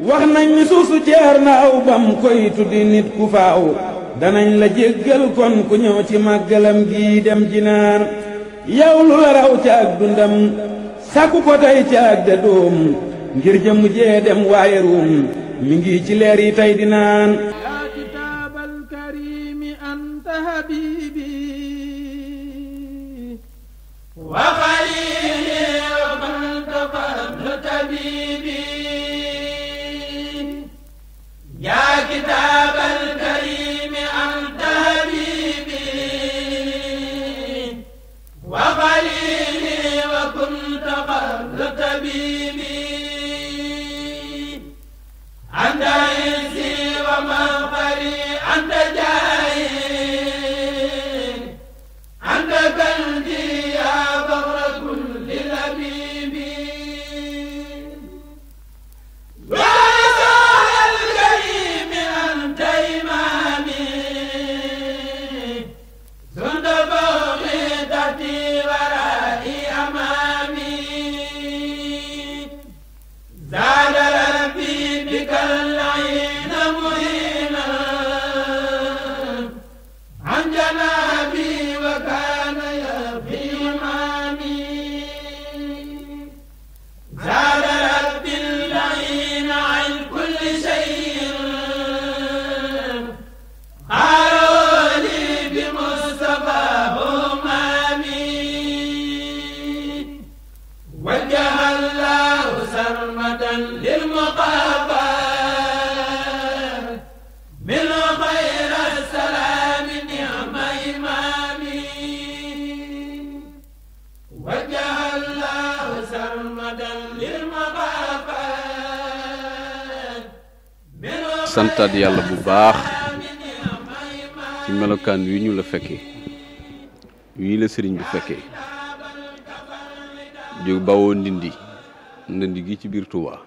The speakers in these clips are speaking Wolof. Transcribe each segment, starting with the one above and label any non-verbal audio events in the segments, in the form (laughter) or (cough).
wax nañ ni suuf su jeer na aw bam koy tuddi nit ku faaw danañ la jéggal kon ku ñëw ci màggalam gii dem jinaan yow lu la raw ak dundam sàkku ko tey ca ak de doom ngir jëmu jee dem waaye ruum mi ngi ci leer yi tey di naan yaa kitaabal kariimi anta habiibi يا كتاب الكريم أنت حبيبي وخليلي وكنت قبل طبيبي أنت عزي ومغفري أنت جاهلي santaat yàlla bu baax ci melokaan wi ñu la fekke wii la sëriñ bi fekkee jóg bawoo ndindi ndindi gi ci biir Touba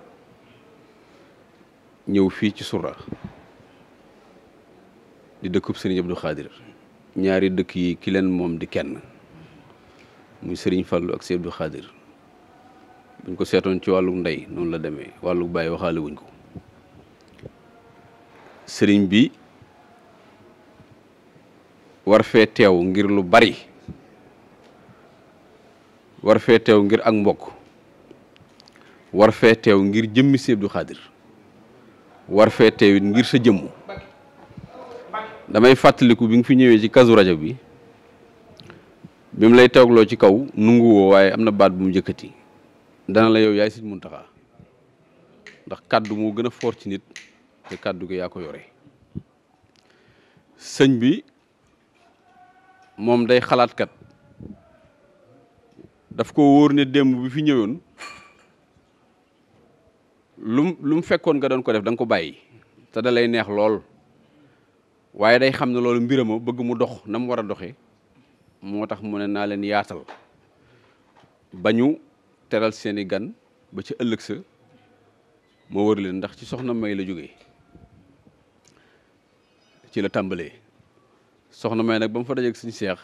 ñëw fii ci Sourah di dëkkub sëriñ Abdou Khadir ñaari dëkk yi ki leen moom di kenn muy sëriñ Fallou ak si Abdou Khadir buñ ko seetoon ci wàllu ndey noonu la demee wàllu bàyyi waxaale wuñ ko sëriñ bi war fee teew ngir lu bari war fee teew ngir ak mbokk war fee teew ngir jëmmi Sëriñ Abdou Khadir war fee teew ngir sa jëmm damay fàttaliku bi nga fi ñëwee ci kasu rajo bi bi mu lay toogloo ci kaw nungu waaye am na baat bu mu njëkkati dana la yow yaay Sëriñ Muntaxa ndax kàddu moo gën a foor ci nit te kàddu gi yaa ko yore sëñ bi moom day xalaatkat daf ko wóor ne démb bi fi ñëwoon lum lu mu fekkoon nga doon ko def danga ko bàyyi te da lay neex lool waaye day xam ne loolu mbirama bëgg mu dox na mu war a doxee moo tax mu ne naa leen yaatal ba ñu teral seeni gan ba ci ëllëg sa ma wër leen ndax ci soxna may la jóge ci la tàmbalee soxna may nag ba mu fa dajeeg suñu seex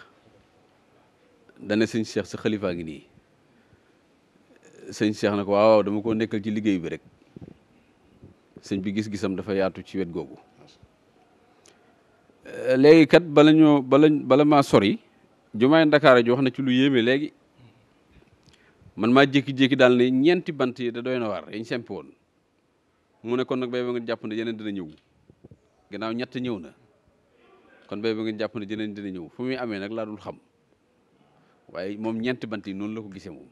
dane suñu seex sa xalifaa ngi nii sëñ seex na ko waaw waaw dama koo nekkal ci liggéey bi rek sëñ bi gis-gisam dafa yaatu ci wet googu léegi kat bala ñoo bala bala maa sori jumaay ndakaara ji wax na ci lu yéeme léegi man maa jékki-jékki daal ne ñeenti bant yi da doy na waar yañ sempi woon mu ne kon nag bay ba nga jàpp na yeneen dina ñëw gannaaw ñett ñëw na kon bay ba ngeen jàpp ne jëneen dina ñëw fu muy amee nag laa dul xam waaye moom ñeenti bant yi noonu la ko gisee moom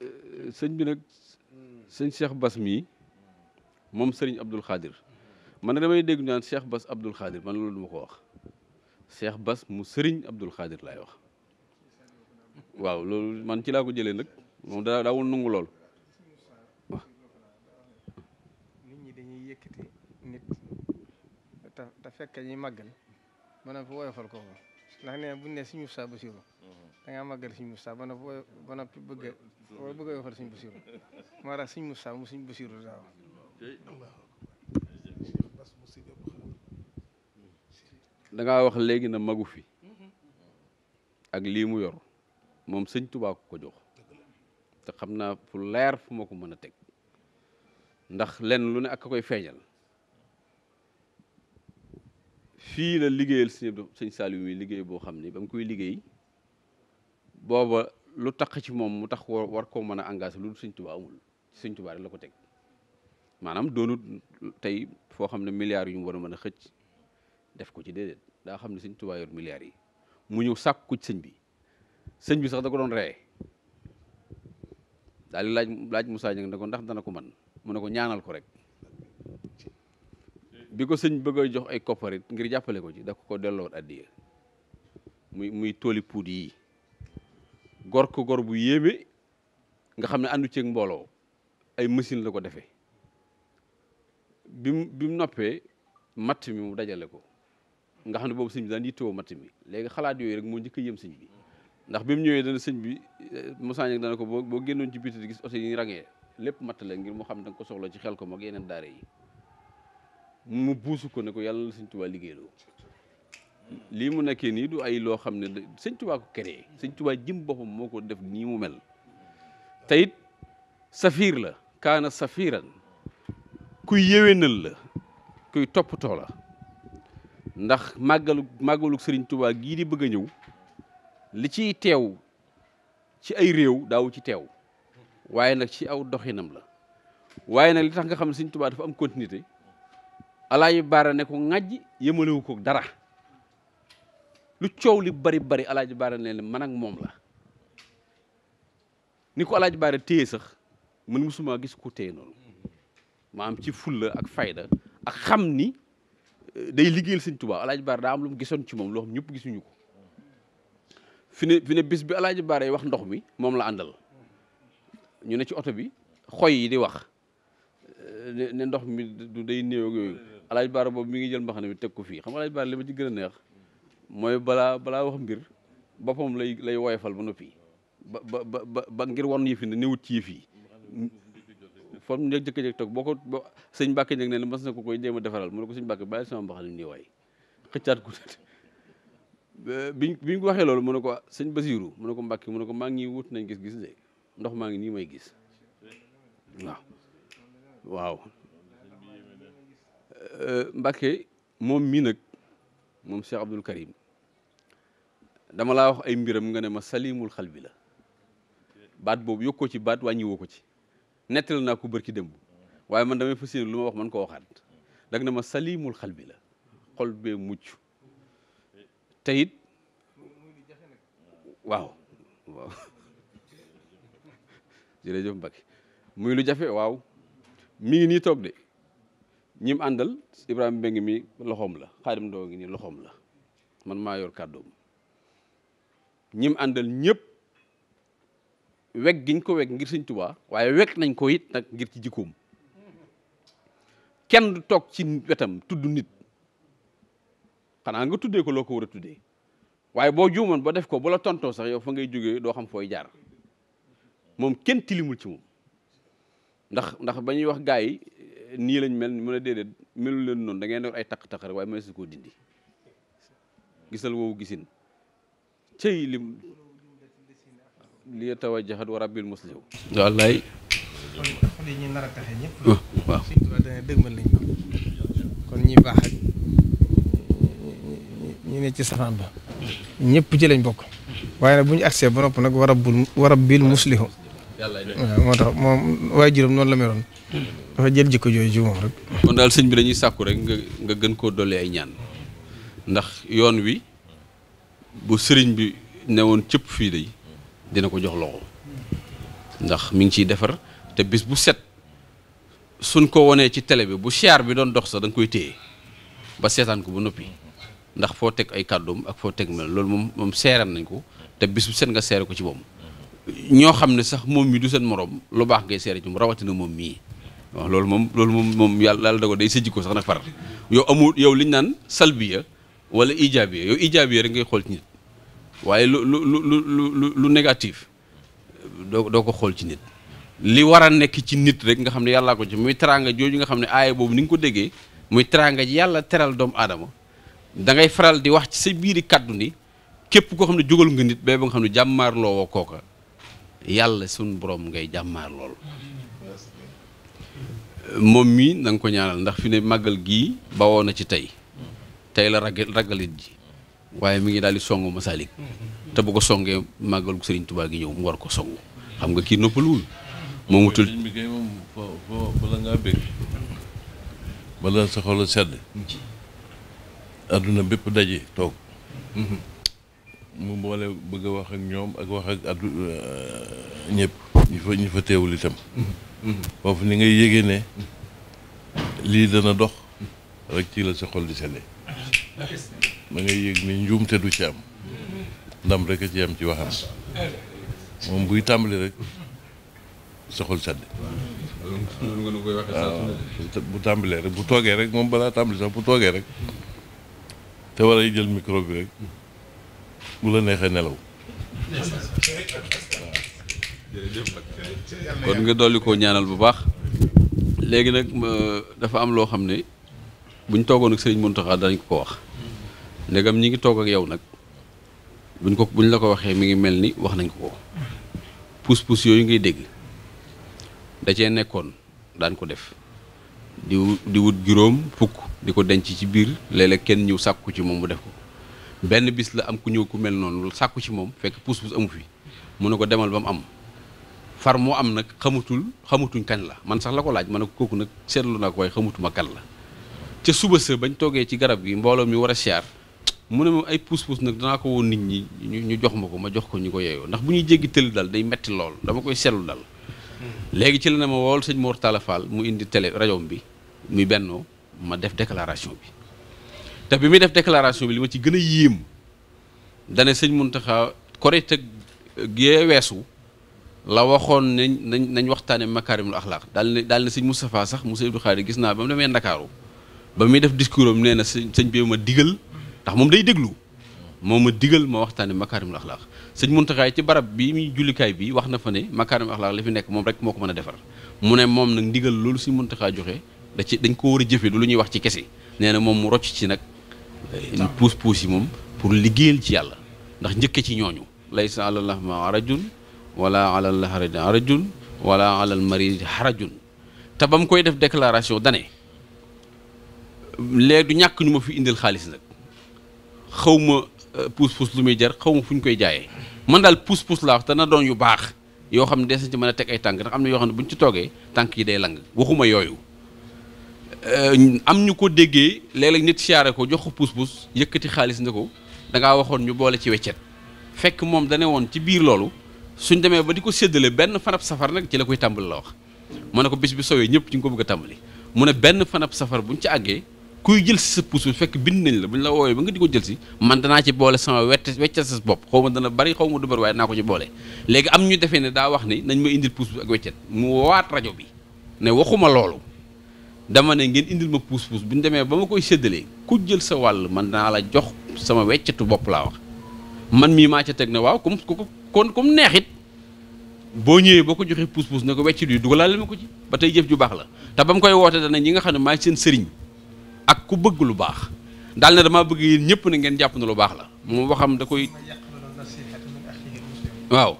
euh, sëñ bi nag sëñ Cheikh Bass mii moom sëriñ Abdul Xaadir man na damay dégg ñu naan Cheikh Bass Abdul Xaadir man loolu du ma ko wax Cheikh Bass mu sëriñ Abdul Xaadir laay wax waaw loolu man ci laa ko jëlee nag moom daa daawul nangu lool waaw. nit ñi dañuy yëkkati nit te te fekk ñuy màggal ba noppi woyofal ko ndax nee na bu ñu nee Sëriñ Moussa Bassirou mhm. da ngaa màggal Sëriñ Moussa ba noppi ba noppi bëgg a bëgg a woyofal Sëriñ Bassirou moo tax Sëriñ Moussa mu Sëriñ Bassirou daaw. wax léegi na magu fi ak lii mu yor. moom sëñ Tuubaa ko jox te xam naa fu leer fu ma ko mën a teg ndax lenn lu ne ak koy feeñal fii la liggéeyal sëñ sëñ Saliou mi liggéey boo xam ne ba mu koy liggéey booba lu tax ci moom mu tax war koo mën a engagé lu sëñ Tuubaa amul sëñ Tuubaa rek la ko teg maanaam doonut tey foo xam ne milliards yu mu war a mën a xëcc def ko ci déedéet daa xam ne sëñ Tuubaa yor milliards yi mu ñëw sàkku ci sëñ bi sëñ bi sax da ko doon ree daal di laaj mu Moussa Dieng ne ko ndax dana ko man mu ne ko ñaanal ko rek bi ko sëñ bëgg jox ay kopparit ngir jàppale ko ci da ko ko delloo addiya muy muy tooli puud yi gor ko gor bu yéeme nga xam ne àndu ceeg mbooloo ay machine la ko defee bi mu bi mu noppee matt mi mu dajale ko nga xam ne boobu sëñ bi daan yittewoo matt mi léegi xalaat yooyu rek moo njëkk a yëm sëñ bi ndax bi mu ñëwee dana sëñ bi eh, Moussa Niang dana ko boo boo génnoon ci biti di gis oto yi ñu rangee lépp matt la ngir mu xam da ko soxla ci xel ko mag yeneen daare yi mu buusu ko ne ko yàlla la sëñ Tuubaa liggéeyloo lii mu nekkee nii du ay loo xam ne sëñ Tuubaa ko créé sëñ Tuubaa jëm boppam moo ko def nii mu mel te safiir la kaana safiiran kuy yéwénal la kuy toppatoo la ndax màggalu màggalu sëriñ Tuubaa gii di bëgg a ñëw li ci teew ci ay réew daawu ci teew waaye nag ci aw doxinam la waaye nag li tax nga xam ne siñ Tuubaa dafa am continuité alaaji baara ne ko ŋàjj yëmalewu ko dara lu coow li bari bari alaaji baara ne leen man moom la ni ko alaaji baara téye sax man musuma gis ko téye noonu maa am ci fulla ak fayda ak xam ni eh, day liggéeyal Sëñ Tuubaa alaaji baara daa am lu mu gisoon ci moom loo xam ñëpp gisuñu ko fi ne bis bi alaaji baare wax ndox mi moom la àndal ñu ne ci oto bi xoy yi di wax ne ndox mi du day néew ak yooyu baare boobu mi ngi jël mbaxana mi teg ko fii xam nga alaaji baare li ma ci gën a balaa wax mbir boppam lay lay woyofal ba noppi ba ba ba ba ngir won yëf yi ne newut ci yëf yi foofu mu jëkk-jëkk toog boo ko sëñ Mbàkke nag ne mas na ko koy jéem a defaral mu ne ko sëñ Mbàkke bàyyi sama mbaxane nii xëccaat ko Euh, biñ biñ ko waxee loolu mu ne ko sëñ Basiiru mu ne ko Mbàkke mu a ko maa ngi wut nañ gis-gis de ndox maa ngi nii may gis waaw waaw euh, moom mii nag moom Cheikh Abdoul Karim dama laa wax ay mbiram nga ne ma salimul xal bi la baat boobu yokkoo ci baat wàññiwoo ko ci nettali naa ko bërki démb waaye man damay fas yéene lu ma wax man koo waxaat dag ne ma salimul xal bi la xol bee mucc te it waaw waaw jërëjëf Mbacke muy lu jafe waaw mi ngi nii toog de ñi àndal Ibrahima Mbengue mi loxoom la Xaadim Ndoo ngi nii loxoom la man maa yor kàddoom ñi àndal ñëpp weg giñ ko weg ngir Sëñ Tuubaa waaye weg nañ ko it nag ngir ci jikkoom kenn du toog ci wetam tudd nit xanaa nga tuddee ko loo ko war a tuddee waaye boo jumoon ba def ko bu la tontoo sax yow fa ngay jógee doo xam fooy jaar moom kenn tilimul ci moom ndax ndax ba ñuy wax gars yi nii lañ mel ni mën a déedéet melul leen noonu da ngeen ay taq-taq rek waaye mënees na koo dindi gisal woowu gisin cëy lim li tawajjahat wa rabbil muslim wallaay kon ñi nar a ñu ne ci safaan ba ñëpp jëlañ bokk waaye nag bu ñu ba nopp nag war a bul war a bil muslihu moom waaye juróom noonu la meroon dafa jël jikko jooju ci moom rek kon daal sëñ bi dañuy sàkku rek nga nga gën koo dolli ay ñaan ndax yoon wi bu sëriñ bi newoon cëpp fii day dina ko jox loxo ndax mi ngi ciy defar te bis bu set suñ ko wonee ci télé bi bu siyaar bi doon dox sax da koy téye ba seetaan ko ba noppi ndax foo teg ay kàddoom ak foo teg mel loolu moom moom seeram nañ ko te bis bu set nga seere ko ci moom ñoo xam ne sax moom mi du seen moroom lu baax ngay seere ci moom rawatina moom mii waaw loolu moom loolu moom moom yàlla daal da ko day sa sax nag far yow amul yow liñ naan salbiya wala ijaabiya yow ijaabiya rek ngay xool ci waaye lu lu lu lu lu négatif doo doo ko xool ci nit li war a nekk ci nit rek nga xam ne yàllaa ko ci muy teraanga jooju nga xam ne aaya boobu ni nga ko déggee muy teraanga ji yàlla teral doomu aadama dangay faral di wax ci sa biiri kàddu ni képp koo xam ne jógal nga nit ba ba nga xam ne jàmmaarloo woo kooka yàlla suñu borom ngay jàmmaar lool moom mii na ko ñaanal ndax fi ne màggal gii bawoo na ci tey tey la ragal ragalit ji waaye mi ngi daal di songu masalik te bu ko songee màggalu Sëriñ Tuubaa gi ñëw mu war ko songu xam nga kii noppaluwul moom wutul bala ngaa bëgg bala sa sedd adduna bépp daje toog mm-hmm. mu boole bëgg a wax ak ñoom ak wax ak addu euh, ñëpp ñi fa ñi fa teewul itam mm-hmm. foofu ni ngay yégee lii dana dox rek ci la soxol di sedde da ngay yég ni njuumte du ci am ndam rek a ci am ci waxam moom buy tàmbali rek sa xol bu tàmbalee rek bu toogee rek moom balaa tàmbali sax bu toogee rek te war a jël micro bi rek bu la neexee nelaw. kon nga dolli koo ñaanal bu baax léegi nag dafa am loo xam ne buñ toogoon ak Serigne montaxa danañ ko ko wax ndegam ñi ngi toog ak yow nag buñ ko buñ la ko waxee mi ngi mel ni wax nañ ko ko pousse yooyu ngay dégg da cee nekkoon daan ko def di di wut juróom fukk di ko denc ci biir léeg kenn ñëw sàkku ci moom mu def ko benn bis la am ku ñëw ku mel noonu sàkku ci moom fekk puus-puus amu fi mu ne ko demal ba mu am far moo am nag xamatul xamatuñ kan la man sax la ko laaj ma ne ko kooku nag seetlu naa ko waaye xamatuma kan la ca suba sa bañ toogee ci garab gi mbooloo mi war a siyaar mu ne ma ay puus-puus nag danaa ko woon nit ñi ñu jox ma ko ma jox ko ñu ko yeeyoo ndax bu ñuy jéggi tëli dal day metti lool dama koy seetlu dal hmm. léegi ci la ma wool sëñ Mor Talla mu indi télé rajo bi muy bennoo ma def déclaration bi te bi muy def déclaration bi li ma ci gën a yéem dane sëñ Muntaxa korite gee weesu la waxoon nañ nañ nañ waxtaane makaarimul axlaaq daal ne daal ne sëñ Moustapha sax Moussa Abdou Khadre gis naa ba mu demee Ndakaaru ba muy def discours am nee na sëñ sëñ bi ma digal ndax moom day déglu moom ma digal ma waxtaane makaarimul axlaaq sëñ Muntaxa ci barab bi muy jullikaay bi wax na fa ne makaarimul axlaaq la fi nekk moom rek moo ko mën a defar mu ne moom nag ndigal loolu sëñ Muntaxa joxe da dañ ko war a jëfe du lu ñuy wax ci kese nee na moom mu rocc ci nag puus puus yi moom pour liggéeyal ci yàlla ndax njëkke ci ñooñu laysa ala lahma arajun wala ala laharaj arajun wala alal mari harajun te ba mu koy def déclaration dane léegi du ñàkk ñu ma fi indil xaalis nag xaw ma euh, puus puus lu muy jar xaw ma fu ñu koy jaayee man daal puus puus laa wax te na doon yu baax yoo xam ne des na ci mën a teg ay tànk ndax am na yoo xam ne bu ñu ci toogee tànk yi day lang waxuma yooyu Euh, am ñu ko déggee léeg-léeg nit siyaare ko jox ko puus-puus yëkkati xaalis ne ko da ngaa waxoon ñu boole ci weccet fekk moom dana woon ci biir loolu suñ demee ba di ko séddale benn fanab safar nag ci la koy tàmbali la wax mu ne ko bis bi sowee ñëpp ci nga ko bëgg a tàmbali mu ne benn fanab safar buñ ci àggee kuy jël sa puus fekk bind nañ la buñ la woowee ba nga di ko jël si man danaa ci boole sama wette weccal sa bopp xaw dana bari xaw ma du bari waaye naa ko ci boole léegi am ñu defee ne daa wax ni nañ ma indil puus ak weccet mu waat rajo bi ne waxuma loolu dama ne ngeen indil ma puus puus bi ñu demee ba ma koy séddalee ku jël sa wàll man naa la jox sama weccatu bopp laa wax man mii maa ca teg na waaw comme kon comme neex it boo ñëwee boo ko joxee puus puus ne ko weccit yi dugalaale ma ko ci ba tey jëf ju baax la te ba mu koy woote dana ñi nga xam ne maay seen sëriñ ak ku bëgg lu baax daal ne damaa bëgg yéen ñëpp ne ngeen jàpp na lu baax la moom waxam da koy waaw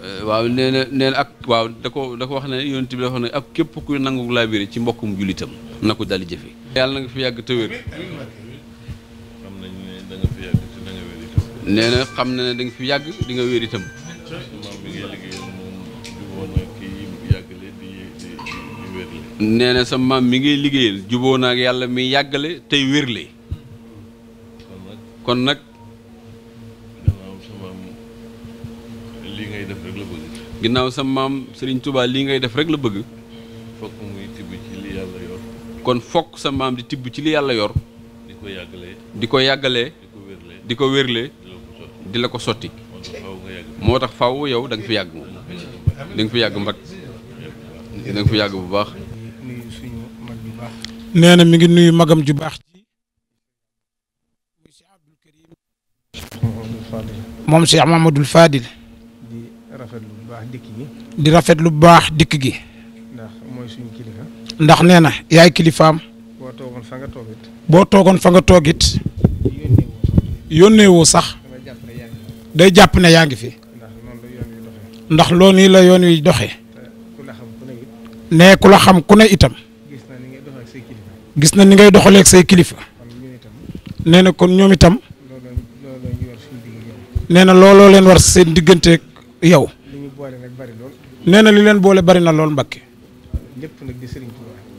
Eh, waaw nee na ak waaw da ko wax ne yonent bi da wax ne képp ku nangu laabire ci mbokkum jullitam na ko dali jëfe yàlla na nga fi yàgg te wér nee na xam na ne da fi yàgg di nga wér itam nee na sa maam mi ngay liggéeyal juboo naak yàlla mi yàggale tey wérle kon nag ginnaaw sa maam Serigne tubaal lii ngay def rek la bëgg. fokk muy tibb ci li yàlla yor. kon fokk sa maam di tibb ci li yàlla yor. di ko yàggalee. di ko yàggalee. di ko wérlee. la ko sotti. moo tax faw yow da nga fi yàgg moom. da nga fi yàgg mbag da yàgg bu baax. nee mi ngi nuyu magam ju baax. ci moom Cheikh Mamadou Fadil. dikk di rafet lu baax dikk gi. ndax mooy suñu kilifa. ndax nee na yaay kilifaam. boo toogoon fa nga toog toogoon fa nga toog it. yónnee woo sax. day jàpp ne yaa ngi fi. ndax loolu nii la yoon wi doxee. ne ku la xam ku ne itam. gis na ni ngay doxaleeg say kilifa. nee na kon ñoom itam. nee na looloo leen war seen digganteeg yow. nee na li leen boole bari na lool Mbàkke. lépp nag di Serigne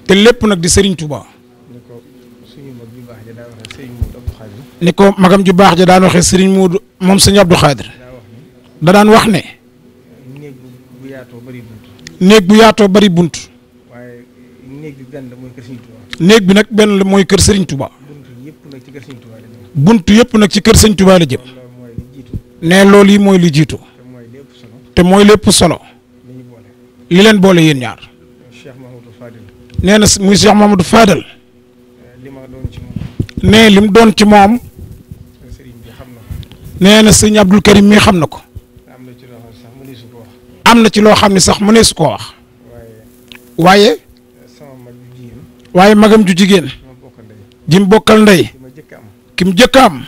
te lépp nag di sëriñ Touba. ni ko suñu mag ju baax ja daan waxee Serigne Moudou magam ju baax ja daan waxee Serigne Moudou moom Serigne Abdou Khadir. da daan wax ne. néeg bu yaatoo bari bunt. néeg bu yaatoo bari bunt. waaye néeg bi benn mooy kër Serigne Touba. bi nag benn la mooy kër Serigne Touba. bunt yëpp nag ci kër Serigne Touba la jëm. yëpp nag ci kër Serigne Touba la jëm. ne loolu yi mooy li jiitoo te mooy lépp solo li leen boole yéen ñaar nee na muy Cheikh Mamadou Fadal nee li mu doon ci moom nee na sëñ Abdul Karim mii xam na ko am na ci loo xam ne sax mënee su koo wax waaye waaye magam ju jigéen jim bokkal ndey ki mu jëkk am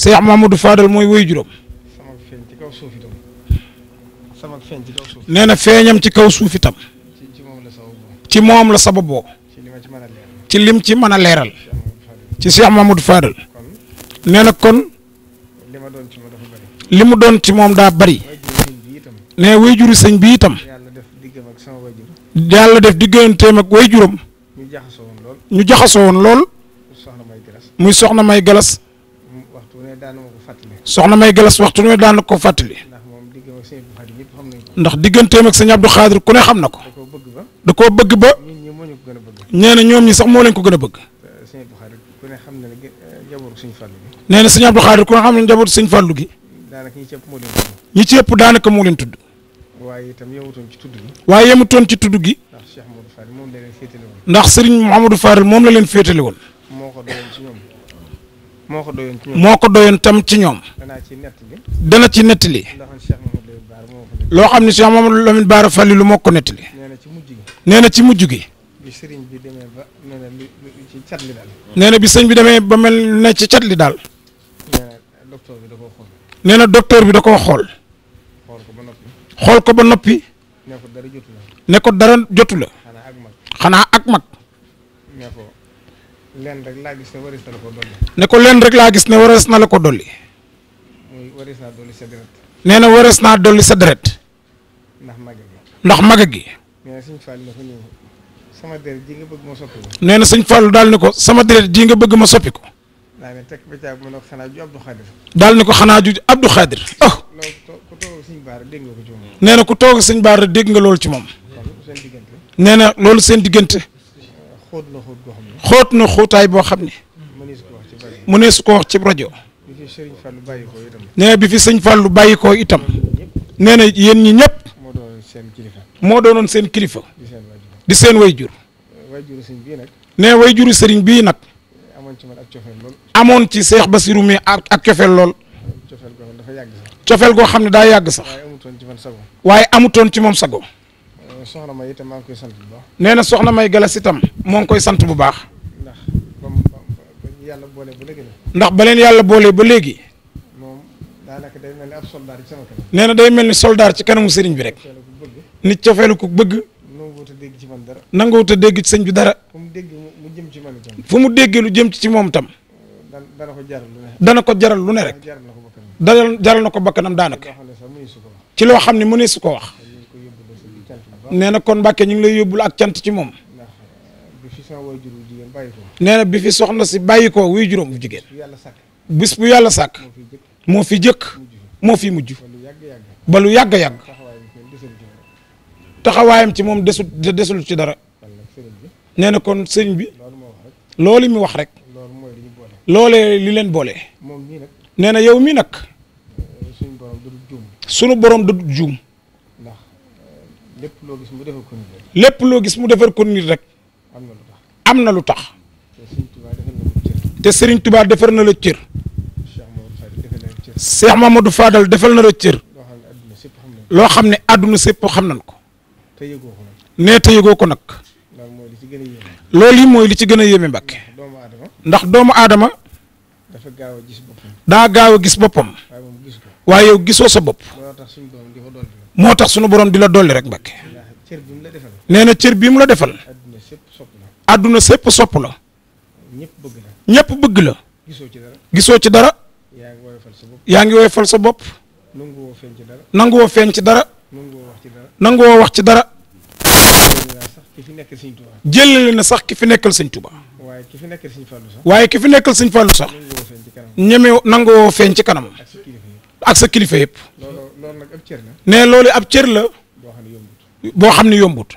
Cheikh du Fadal mooy woy juróom nee na feeñam ci kaw suuf itam ci moom la sababoo ci lim ci mën a leeral ci Cheikh Mamadou Fadal nee na kon li mu doon ci moom daa bari ne way juru sëñ bi itam yàlla def digganteem ak way juram ñu jaxasoo woon lool muy soxna may galas soxna May Galas waxtu ne daan na ko fàttali. ndax digganteem ak sëñ Abdou Khadir ku ne xam na ko. da koo bëgg ba. nee na ñoom ñi sax moo leen ko gën a bëgg. nee eh, na sëñ Abdou Khadir ku ne xam eh, ne njabootu sëñ Fallou gi. ñi ci ëpp daanaka moo leen tudd. waaye itam yemutoon ci tudd gi. ndax Serigne Mouhamadou Fall moom la leen féetale woon. moo ko doyoon ci moo ko doyoon tam ci ñoom. dana ci nettali. dana ci nettali. loo xam ne Cheikh Mamadou Lamine Bara Falilou moo ko nettali. nee na ci mujj gi. nee na ci mujj gi. bi sëriñ bi demee ba nee na ci cat li daal. nee na bi sëñ bi demee ba mel ne ci cat li daal. docteur bi da koo xool. nee na docteur bi da ko xool. xool ko ba noppi. xool ko ba noppi. ne ko dara jotu la. dara jotu la. ak mag. xanaa ak mag. lenn rek laa gis ne waris na ko dolli. ne ko lenn rek laa gis ne waris na la ko dolli. muy waris naa dolli sa deret. nee na waris naa dolli sa deret. ndax mag gi. ndax mag gi. nee na sëñ Fall ne ko nii sama deret ji nga bëgg ma soppi nee na sëñ Fall daal ni ko sama deret jii nga bëgg ma soppi ko. daal ne teg ba caa mu ne ko xanaa ne ko xanaa ju Abdou Khadir. oh loolu ku toog sëñ Baara dégg ko ci nee na ku toog sëñ Baara dégg nga loolu ci moom. nee na loolu seen diggante. xoot na xootaay boo xam ne mu ne su ko wax ci rajo nee bi fi sëñ Fallou bàyyi ko itam nee na yéen ñi ñëpp moo doonoon seen kilifa di seen wayjur nee wayjuru sëriñ bii nag amoon ci seex Basiru mi ak cofeel lool cofeel goo xam ne daa yàgg sax waaye amutoon ci moom sago soxna may itam maa ngi koy sant bu baax. nee na soxna may galas tam moo ngi koy sant bu baax. ndax ba mu yàlla boole ba léegi. ndax ba yàlla boole ba léegi. moom daanaka day mel ni ab soldaar ci sama nee na day mel ni soldaar ci kanamu sëriñ bi rek. nit cofeelu ku bëgg. nanguwut a dégg ci man dara. nanguwut a dégg ci sëñ bi dara. fu mu dégg mu jëm ci man itam. fu mu dégg lu jëm ci moom itam. dana ko jaral lu ne. dana ko jaral lu ne rek. jaral na ko bakkanam daanaka. ci loo xam ne mu ne su ko wax. nee na kon Mbàkke ñu ngi lay yóbbul ak cant ci moom. nee na bi fi soxna si bàyyi ko wuy juróom bu jigéen. bis bu yàlla sàkk. moo fi jëkk moo fi mujj. ba lu yàgg yàgg. taxawaayam ci moom desul desul ci dara. nee na kon sëñ bi. loolu mi wax rek. loole li leen boole. nee na yow mi nag. sunu borom du juum. lépp loo gis mu defar ko nit rek. lépp loo gis mu defar ko nit rek. am na lu tax am na lu tax. te Serigne Touba defar na la cër. Cheikh Mamadou Fadal defal na la cër. loo xam ne àdduna sépp xam nañ ko. nee te yëgoo ko nag. loolu yi mooy li ci gën a yéeme Mbàkke. ndax doomu aadama. dafa gaaw gis daa gaaw a gis boppam. waaye yow gisoo sa bopp. moo tax sunu borom di la dolli rek Mbàkke nee na cër bi mu la defal àdduna sépp sopp la ñëpp bëgg la gisoo ci dara yaa ngi woyofal sa bopp nanguwoo feeñ ci dara nanguwoo wax ci dara jëlale na sax ki fi nekkal sëñ Tuubaa waaye ki fi nekkal sëñ Fàllu sax waaye ki fi nekkal sëñ Fàllu sax ñeme nanguwoo feeñ ci kanam ak sa kilifa yëpp. ne loolu ab cër la. boo xam ne yombut.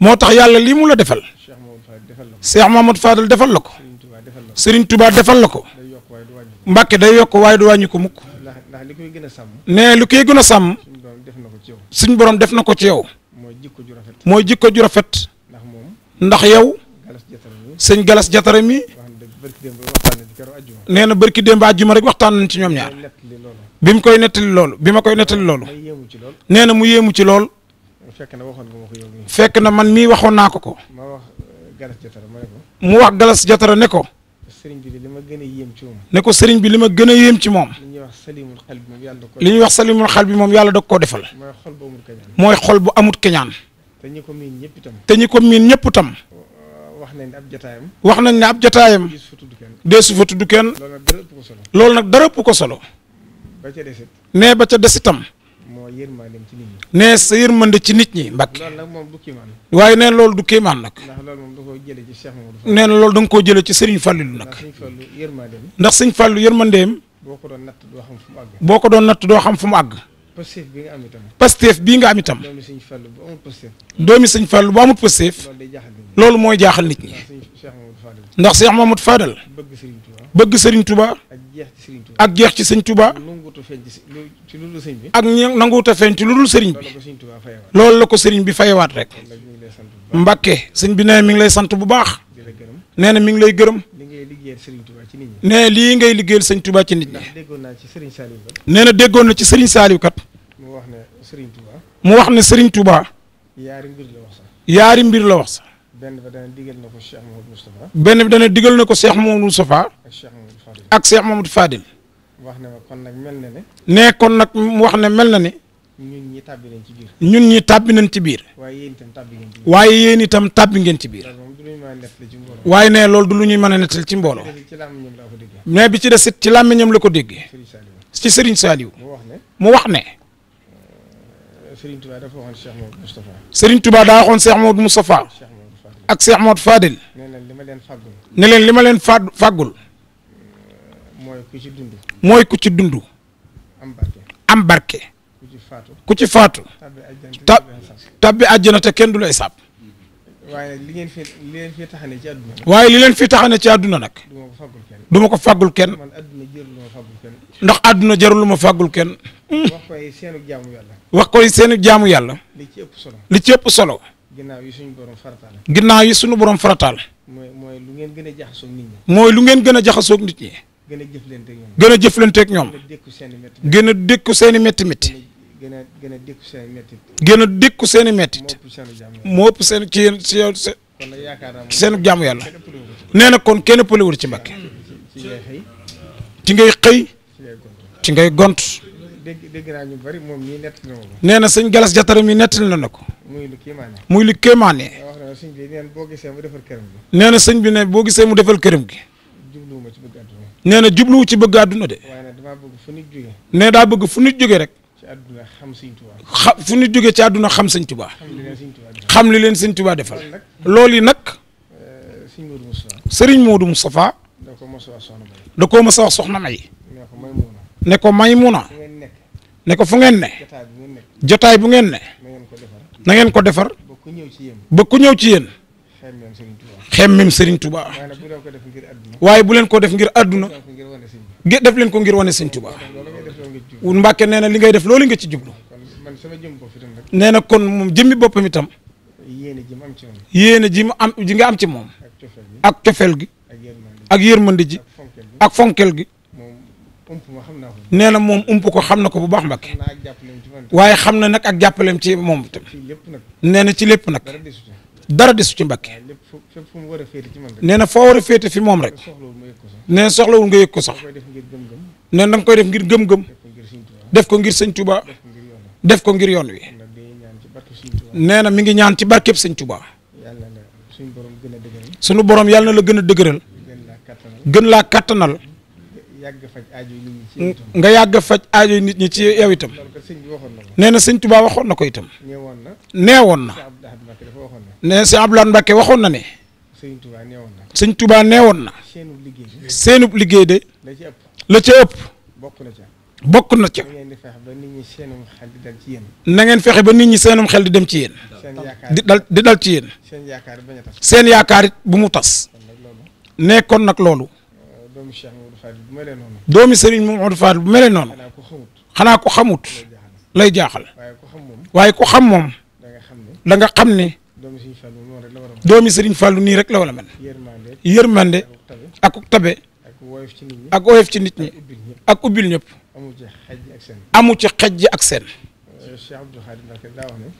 moo tax yàlla li mu la defal. moo tax yàlla li mu la defal. Cheikh Mamadou Fadal defal la ko. Serigne Touba defal la ko. mbakke day yokk waaye du wàññi ko mukk. li koy gën a sàmm. ne lu koy gën a sàmm. suñ borom def na ko ci yow. mooy jikko ju rafet. mooy jikko ju rafet. ndax moom. ndax yow. sëñ Galas Jatara mi. nee na barki démb àjjuma rek waxtaan nañ ci ñoom ñaar. bi koy nettali loolu bi ma koy nettali loolu. nee na mu yéemu ci lool. fekk na waxoon nga ma ko na man mii waxoon naa ko ko. ma wax eh, galas jatara ma ne ko. mu wax galas jatara ne ko. sëriñ bi li ma gën a yéem ci moom. ne ko sëriñ bi li ma gën a yéem ci moom. li ñuy wax salimul xel bi moom yàlla da koo. li ñuy wax salimul xel bi moom yàlla da koo defal. mooy xol bu amut keñaan. xol bu amut keñaan. te ñi ko miin ñëpp itam. te ñi ko miin ñëpp itam. Eh, wax nañ ne ab jotaayam. wax nañ ne ab jotaayam. deesu fa tudd kenn. loolu nag dara ëpp ko solo. ba ca desit. nee ba ca desitam. moo yërmande ci nit ñi. nee sa yërmande ci nit ñi Mbàkke. waaye nee loolu du kéemaan nag. nee loolu da nga koo ci Serigne Fallou nag. ndax Serigne Fallou yërmandeem. boo ko doon natt doo xam fu mu àgg. boo bi nga am itam. Pastef bii nga am itam. doomi Serigne Fallou bu amul Pastef. loolu mooy jaaxal nit ñi. ndax Cheikh Mamadou Fadal. bëgg Serigne bëgg Serigne Touba. ak jeex ci sëñ Touba. ak ña nanguwut a feeñ ci lu dul Serigne bi. loolu la ko Serigne bi fayewaat rek. Mbacke sëñ bi nee mi ngi lay sant bu baax. nee na mi ngi lay gërëm. nee lii ngay liggéeyal sëñ Touba ci nit ñi. nee na déggoon na ci Serigne Saliou kat. mu wax ne Serigne Touba. yaari mbir la wax sax. benn bi dana digal na ko Cheikh Mouhamadou Moustapha. na ak Cheikh Mouhamadou Fadil ne kon nag mel na ne. ne kon nag mu wax ne mel na ne. ñun ñi tàbbi nañ ci biir. ñun ñi tàbbi nañ ci biir. waaye yéen itam tàbbi ngeen ci biir. waaye yéen itam tàbbi ci biir. waaye ne loolu du lu ñuy mën a nettal ci mbooloo. mais bi ci des it ci làmmiñam la ko déggee. ci Serigne Saliou. mu wax ne. Serigne Touba daa waxoon Cheikh Maodo Moustapha. ak Cheikh Modou Fadil. ne leen li ma leen fàggul. ne leen li ma leen fàgg fàggul. mooy ku ci mooy ku ci dund. am barke. am ku ci faatu. ku ci faatu. tabbi àjjana te kenn du lay sàpp. waaye li ngeen fi li leen fi taxane ci àdduna. li leen fi taxane ci àdduna nag. du ma ko fàggul kenn. du ma ko fàggul kenn. ndax àdduna jarul lu ma fàggul kenn. wax koy jaamu yàlla. wax koy seenu jaamu yàlla. li ci ëpp solo. li ci ëpp solo. ginnaaw yi suñu borom farataal. ginnaaw yi suñu borom farataal. mooy mooy lu ngeen gën a jaxasoo nit ñi. mooy lu ngeen gën a jaxasoo a jëflanteeg ñoom. gën a jëflanteeg ñoom. gën a dékku seen i métti. gën a dékku seen i métti a a a ëpp seen ci seen jaamu yàlla. nee kon kenn pëlewul ci Mbàkke. ci ngay xëy. ci ngay gont. dégg dégg naa ñu bari moom mii na ko. nee na sëñ Galas Jatara mi nettali na ko. muy lu kéemaane. muy lu kéemaane. wax na sëñ bi nee na boo gisee mu defal këram gi. nee na sëñ bi ne boo gisee mu defal këram gi. jubluwuma ci bëgg àdduna. nee na jubluwu ci bëgg àdduna de. waaye nag damaa bëgg fu nit jógee. nee daa bëgg fu nit jógee rek. ci àdduna xam sëñ Tuubaa. xa fu nit jógee ci àdduna xam sëñ Tuubaa. xam li leen sëñ Tuubaa defal. loolu yi nag. Eh, sëriñ Moodu Moustapha. da koo mos a wax soxna May. ne ko Maymuna. ne ko fu ngeen ne jotaay bu ngeen ne na ngeen ko defar ba ku ñëw ci yéen xemmem Serigne Touba waaye bu leen ko def ngir àdduna def leen ko ngir wane Serigne Touba Mbàkke nee na li ngay def loolu nga ci jublu nee na kon moom jëmmi boppam itam yéene ji mu am ji nga am ci moom ak cofeel gi ak yërmande ji ak fonkel gi nee na moom ump ko xam na ko bu baax Mbàkke waaye xam na nag ak jàppaleem ci moom tam nee na ci lépp nag dara desu ci Mbàkke nee na foo war a féete fi moom rek nee na soxlawul nga yëg ko sax nee na da nga koy def ngir gëm-gëm def ko ngir sëñ Tuba def ko ngir yoon wi nee na mi ngi ñaan ci barkeb sëñ Tuba sunu borom yàlla na la gën a dëgëral gën laa kattanal. nga yàgg faj aajo nit ñi ci yow itam nee na sëñ Tuubaa waxoon na ko itam nee woon na nee si Abdoulaye Mbacke waxoon na ne sëñ Tuubaa nee woon na seenub liggéey de la ca ëpp bokk na ca na ngeen fexe ba nit ñi seenum xel di dem ci yéen di dal di dal ci yéen seen yaakaar it bu mu tas nee kon nag loolu. doomi sëriñ Mamadou Fadil bu mel noonu xanaa ko xamut lay jaaxal waaye ku xam moom da nga xam ne doomi sëriñ Fallou nii rek la wala mel yërmande ak tabe ak oyof ci nit ñi ak ubbil ñëpp amu ci xejj ak seen euh,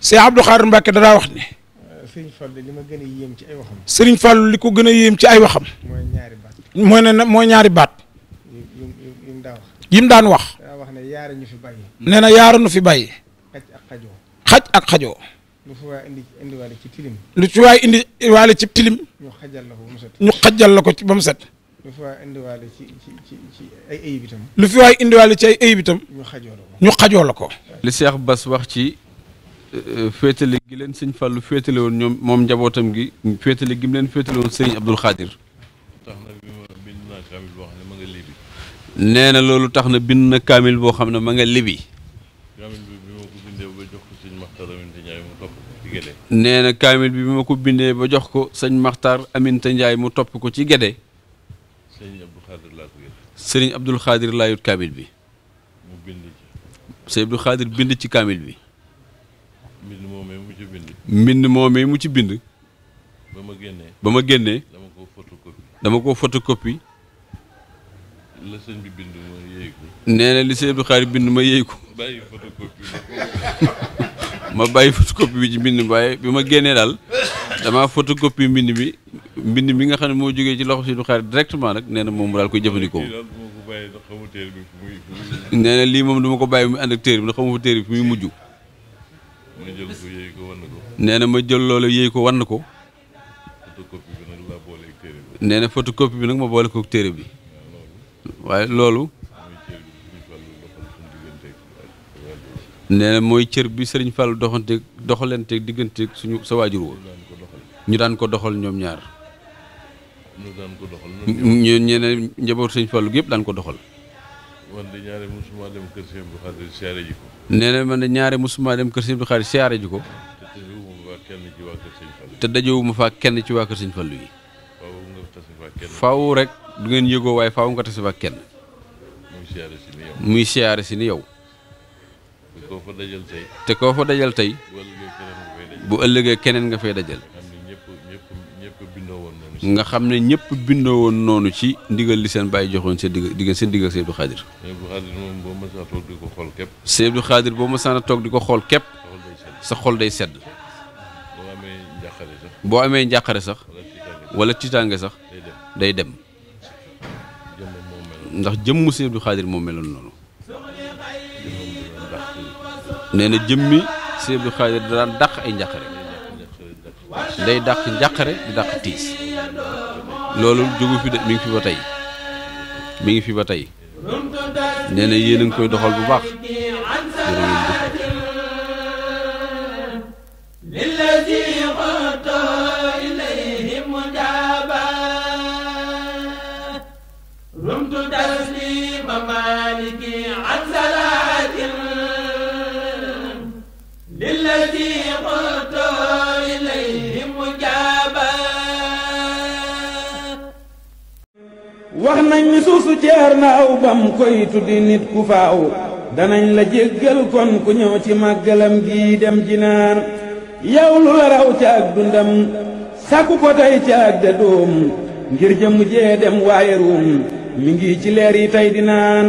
Cheikh Abdou Khadre Mbacke dadaa wax ne euh, Sëriñ Fallou li ma gën a yéem ci ay waxam Sëriñ Fallou li ko gën a yéem ay waxam mooy mooy ñaari baat yim daan wax. wax ne yaara ñu fi bàyyi. nee na yaara ñu fi bàyyi. xaj ak xajoo. xaj ak xajoo. lu fi waay indi indiwaale ci tilim. lu ci indi waale ci tilim. ñu xajal la ko ba mu set. ñu xajal la ko ba mu set. lu fi waay indiwaale ci ci ci ci ay ayib itam. lu ci ay ayib itam. ñu xajoo la ko la ko. li Cheikh Bass wax ci euh, euh, féetale gi leen sëñ Fallou féetale woon ñoom moom njabootam gi féetale gi mu leen féetale woon sëñ Abdoul Khadir. nee na loolu tax na bind na kaamil boo xam ne ma nga libi. kaamil bi ba nee na kaamil bi ma ko bindee ba jox ko sañ Maxtaar Aminta njaay mu topp ko ci gede. sëñ Abdul Xaadir laa kaamil bi. mu ci. sëñ Abdul Xaadir bind ci kaamil bi. mbind moomee mu ci bind. mbind ba ma génnee. ba ma dama ko photocopie. la sëñ bi bind ma yéey ko. nee li sëñ bi bind ma yéey ko. bàyyi photocopie (laughs) ma bàyyi photocopie bi ci mbind mi waaye bi ma génnee daal damaa photocopie mbind mi mbind mi nga xam ne moo jógee ci loxo si du xaar directement nag nee na moom daal koy jëfandikoo. nee na lii moom du ma ko bàyyi mu ànd ak téere bi ndax xamu fa téere bi fu muy mujj. ma nee na ma jël loolu yéey ko wan ko. photocopie bi nag laa boole bi. bi nag ma boole ko ak téere bi. waaye loolu nee na mooy cër bi sëriñ Fall doxante doxalante diggante suñu sa waajur wa ñu daan ko doxal ñoom ñaar ñu daan ko doxal ñoom njaboot sëriñ Fall yëpp daan ko doxal man de ñaare musuma dem kër sëriñ Abdou Khadre siyaare na ñaare musuma kër sëriñ Abdou Khadre siyaare ji ko te dajewuma faa kenn ci waa kër sëriñ Fall yi faaw rek du ngeen yëgoo waaye faw nga tase fa ak kenn. muy siyaare si ni yow muy siyaare si te koo fa dajal tey. te koo fa dajal tey. bu ëllëgee keneen nga fay dajal. nga xam ne ñëpp bindoo woon noonu ci ndigal li seen bàyyi joxoon seen digg seen diggal Seydou Khadir. Seydou Khadir moom boo mësaan xool képp. Seydou Khadir boo mësaan a toog di ko xool képp. sa xol day sedd. boo amee njàqare sax. boo wala tiitaange sax. day dem. ndax jëmmu Sëñ Abdou Khadir moo meloon noonu nee na jëmmi Sëñ Abdou Khadir daan dàq ay njàqare day dàq njàqare di dàq tiis loolu jógu fi de mi ngi fi ba tey mu ngi fi ba tey nee na yéen a ngi koy doxal bu baax danañ mi suusu jaar naaw bam koy tuddi nit ku faaw danañ la jéggal kon ku ñëw ci màggalam gii dem jinaan yow lu la raw ca ak dundam sakku ko tey ca ak da doom ngir jëmu jee dem waaye ruum mi ngi ci leer di naan